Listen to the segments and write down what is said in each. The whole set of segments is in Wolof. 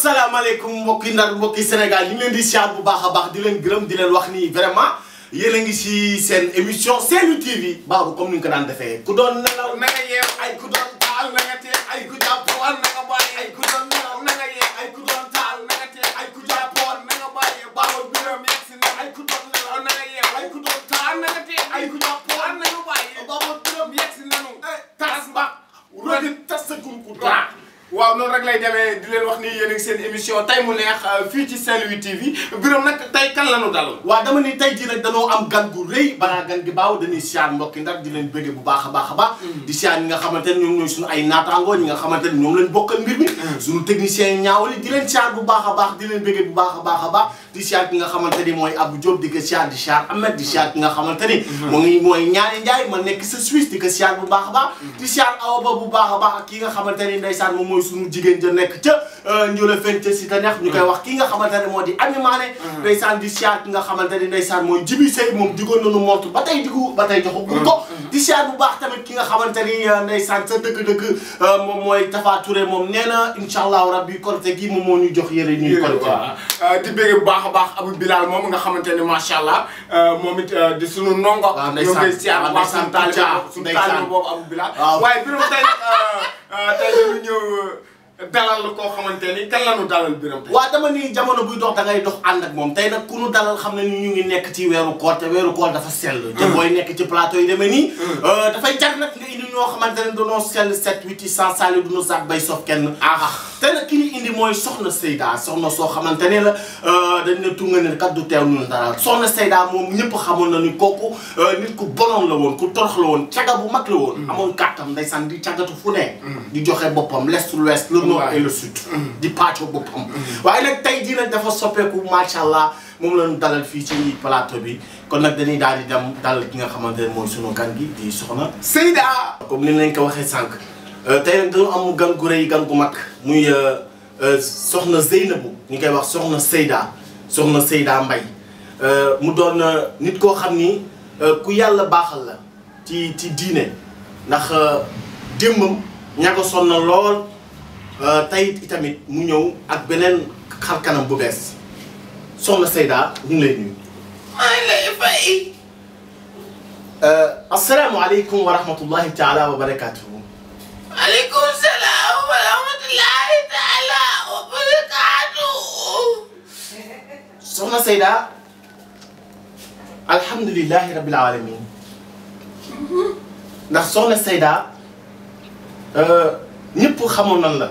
asalaamaaleykum mbokki ndar mbokki Sénégal ñu ngi leen di siyaar bu baax a baax di leen gërëm di leen wax ni vraiment yéen a ngi si seen émission Saint-Louis TV baaru comme ni nga ko daan defee. ku doon nelaw na nga ay ku doon taal na nga ay ku jàppoon na nga bàyyi ay ku doon nelaw na nga yeew ay ku doon taal na nga tee ay ku jàppoon na nga bàyyi ay ku di leen wax ni yéen ak seen émission tay mu neex euh, fii ci Saint-Louis TV Birame nag tay kan la dal. waaw dama ni tay jii nag danoo am gan gu rëy balaa gan gi baaw dañuy siyaar mbokki ndax di leen bëgge bu baax a baax a baax mm. di siyaar ñi nga xamante ne ñoom ñooy suñu ay naataangoo ñi nga xamante ne mm. a baax di a baax baax di siyaar ki nga xamante ni mooy Abdou Diop di ko siyaar di siyaar Ahmed di siyaar ki nga xamante ni mm-hmm. mu ngi mooy ñaari njaay ma mm. Ba bu a baax ak ni ndeysaan moom mooy suñu jigéen ja nekk ca Euh, ñu la fente si ta neex ñu koy mm. wax ki nga xamante ne moo di Ami Mané mm. ndeysaan di siyaar ki nga xamante ne ndeysaan mooy Jibi Sey moom digoon nañu montre ba tey digu ba tey joxagul mm. ko di siyaar bu baax tamit ki nga xamante ni euh, ndeysaan sa dëgg-dëgg euh, moom mooy Tafa Touré moom nee na incha allahu rabbi korité gi moom moo ñu jox yére ñuy korité di bégg bu baax a baax Abou Bilal moom nga xamante ne macha allah moom it di sunu nongo ah, ñoo ngi siyaar baax ah, suñu taalibe suñu taalibe boobu Abou Bilal waaye bi dalal la koo xamante ni kan la ñu dalal biram tey. waaw dama ni jamono buy dox da dox ànd ak moom tey nag ku nu dalal xam ngi nekk ci weeru koor te weeru koor dafa sell. Hmm. te booy nekk ci nii. Hmm. Euh, dafay ñoo xamante ne dañoo sell 7 8 100 saali du ñu sax bay sof kenn. ah te nag ki ñu indi mooy soo xamante ne la euh, dañ ne tunga ne kat du teew ñu dara Soxna Seyda moom ñëpp xamoon na ni kooku euh, nit ku bonoon la woon ku torox la woon caga bu mag la woon. Hmm. amoon kàttam ndeysaan di cagatu fu ne. di joxe boppam l'est l'ouest nord et le sud. waaye nag tey jii dafa soppeeku macha allah moom la ñu dalal fii ci plateau bi kon nag dañuy daal di dem dalal ki nga xamante ne mooy sunu gan gi di soxna Seyda. comme ni nañ ko waxee sànq euh, tey nag dañu am gan gu rëy gan gu mag muy euh, euh, soxna Zeynabu ñu koy wax soxna Seyda soxna Seyda Mbay mu doon nit koo xam ni ku yàlla baaxal la ci ci diine ndax démbam ña ko sonn lool. tey itamit mu ñëw ak beneen xar kanam bu bees soxna Seyda ñu ngi lay nuyu. maa ngi lay fay. asalaamaaleykum wa rahmatullahi taala wa barakaatuhu. waaleykum salaam wa rahmatullahi taala wa barakaatuhu. soxna Seyda alhamdulilahi rabil aalamiin ndax soxna Seyda ñëpp xamoon nan la.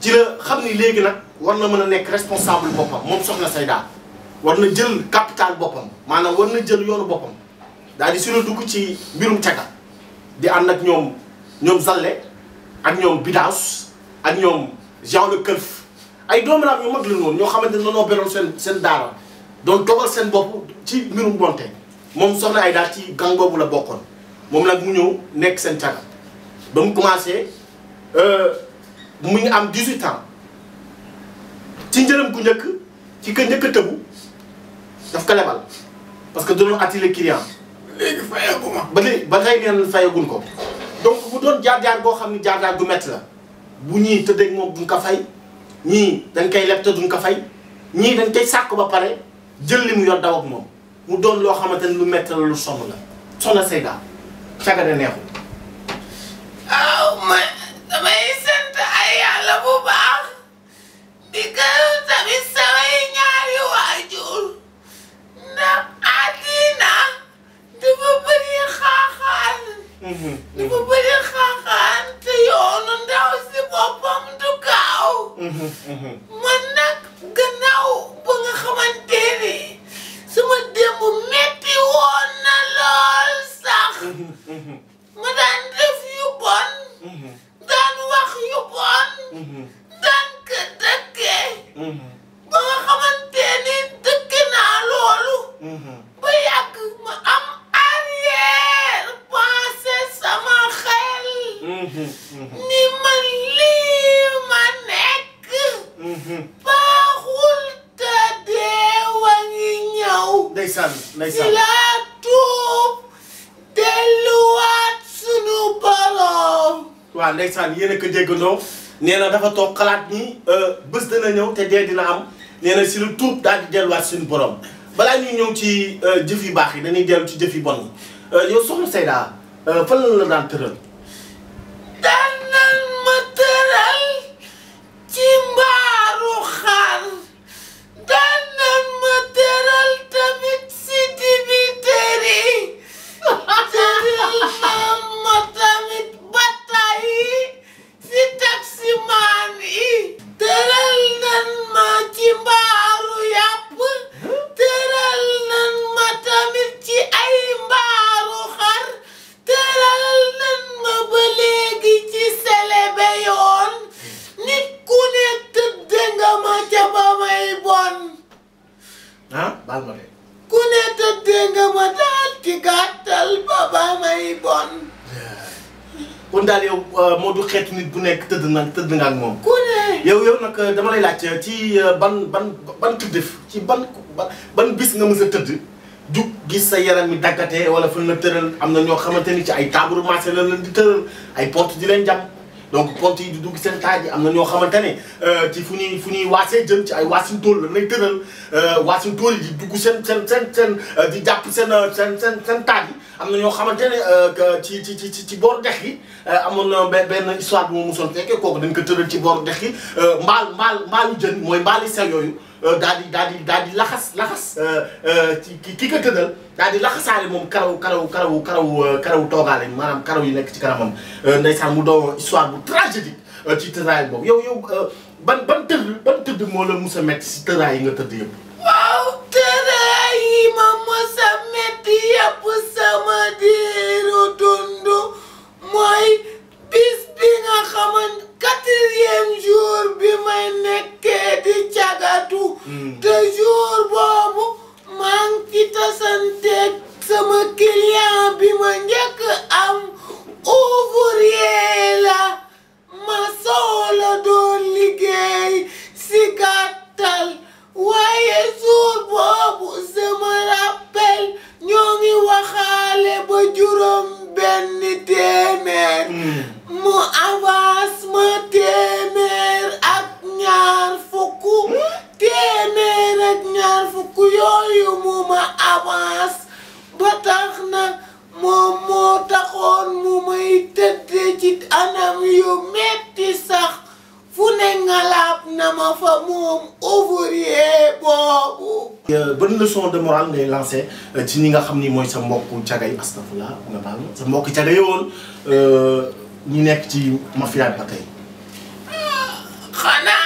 ci la xam ni léegi nag war na mën a nekk responsable boppam moom soxna say daal war na jël capital boppam maanaam war na jël yoonu boppam daal di su dugg ci mbirum caga di ànd ak ñoom ñoom Zalle ak ñoom Bidaas ak ñoom Jean Le Kelf ay doomaraam yu mag lañu woon ñoo xamante ni dañoo beroon seen seen daara doon toggal seen bopp ci mbirum bonte moom soxna daal ci gang boobu la bokkoon moom nag mu ñëw nekk seen caga ba mu commencé. Euh, mu ngi am 18 ans ci njëriñ bu njëkk ci ka njëkk a tëbu daf ko lebal parce que doon attirer client. léegi fayagu ma. ba léegi ba tey ngeen fayagun ko. donc bu doon jaar-jaar boo xam ne jaar-jaar du la bu ñii tëddeeg moom duñ ko fay ñii dañ koy leb te duñ ko fay ñii dañ koy sàkk ba pare jël li mu yor daw ak moom mu doon loo xamante ne lu métti la lu sonn la. soxna Seyda caga de neexul. Ah, ma daan def yu bon daan wax yu bon daan ka dëkkee ba nga xamante ni dëkke naa loolu ba yàgg ma am arrière pensée sama xel ni man lii ma nekk baaxul te deewa ngi ñëw waaw ndeysaan yéen a ko déggandoo nee na dafa toog xalaat ni euh, bés dana ñëw te dee dina am nee si lu tuub daal di delluwaat suñu borom balaa ñuy ñëw ci euh, jëf yu baax yi dañuy dellu ci jëf yu bon yi euh, yow soxna Seyda fan la daan tëral. kon daal yow euh, moo du xeet nit bu nekk tëdd na tëdd nga moom. ku ne. yow yow nag euh, dama lay laaj euh, ci ban ban ban tëddëf ci ban ban bis nga mës a tëdd. jug gis sa yaram mi daggatee wala fu na tëral am na ñoo xamante ni ci ay taabaru marché la leen di tëral ay porte di leen jàmm. donc compte yi du dugg seen taaj am na ñoo xamante ne euh, ci fu ñuy fu ñuy waasee jëm ci ay waasin tool lan lay tëral euh, waasin tool yi di dugg seen seen seen seen euh, di jàpp seen seen seen seen taaj am na ñoo xamante ne ci ci ci ci boor dex yi amoon na benn histoire bu ma mosoon fekkee kooku dañ ko tëral ci boor dex yi mbaal mbaal mbaalu jën mooy mbaali sew yooyu Euh, daal di daal di daal di laxas laxas euh, euh, ki ki ko tëddal daal di laxasaale moom karaw karaw karaw karaw karaw maanaam karaw yi nekk ci kanamam ndeysaan mu doon histoire bu tragédique ci tëraay boobu yow yow ban ban tëdd ban tëdd moo la mus a métti si tëraay yi nga tëdd yëpp. waaw tëraay yi ma mus a métti yëpp sama diiru dund mooy bis bi nga xamante quatrième jour bi may nekkee di cagatu. Mm. Daisy kanam yu metti sax fu ne ngalaab na ma fa moom ouvrier boobu. Euh, ban leçon de morale ngay lancé euh, ci ñi nga xam ni mooy sa mbokku cagay astafurlah nga baal sa mbokku cagay euh, ñi nekk ci mafia ba tey. Ah, xanaa.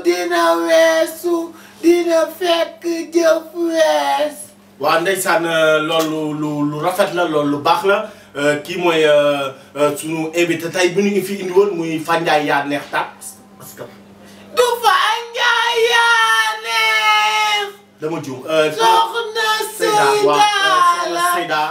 dina weesu dina fekk jëf wees waaw ndeysaan euh, loolu lu lu rafet la lool lu baax la euh, kii mooy euh, sunu invité tey bu ñu ngi fi indi woon muy Fandiaye yaa neex taat parce que yaa neex dama juum soxna Seyda soxna Seyda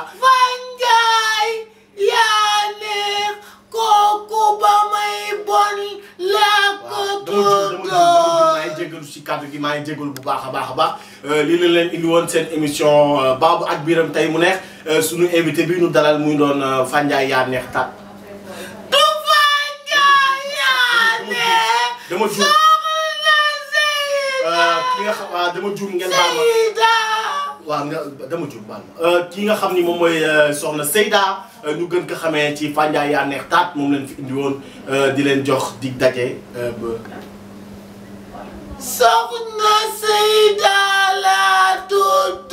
kàddu gi maa ngi bu baax a baax a baax euh, lii leen indi woon seen émission euh, Babou ak Birame tey mu neex euh, suñu invité bi ñu dalal muy doon Fandiaye yaa neex taat. du Fandiaye yaa neex. ki nga xam ah, dama juum ngeen baal ma dama juum baal ma ki nga xam ni moom mooy soxna Seyda ñu gën ko xamee ci Fandiaye yaa neex taat moom leen fi indi woon di leen jox di daje ba. soxna Seyda laa tudd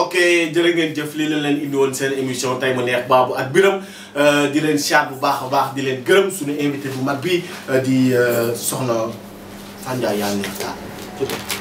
ok jërë ngeen jëf lii lañ leen indi woon seen émission tey mu neex baabu ak biram euh, di leen siaat bu baax a baax di leen gërëm suñu invité bu mag bi euh, di euh, soxna fanda yaa neex taa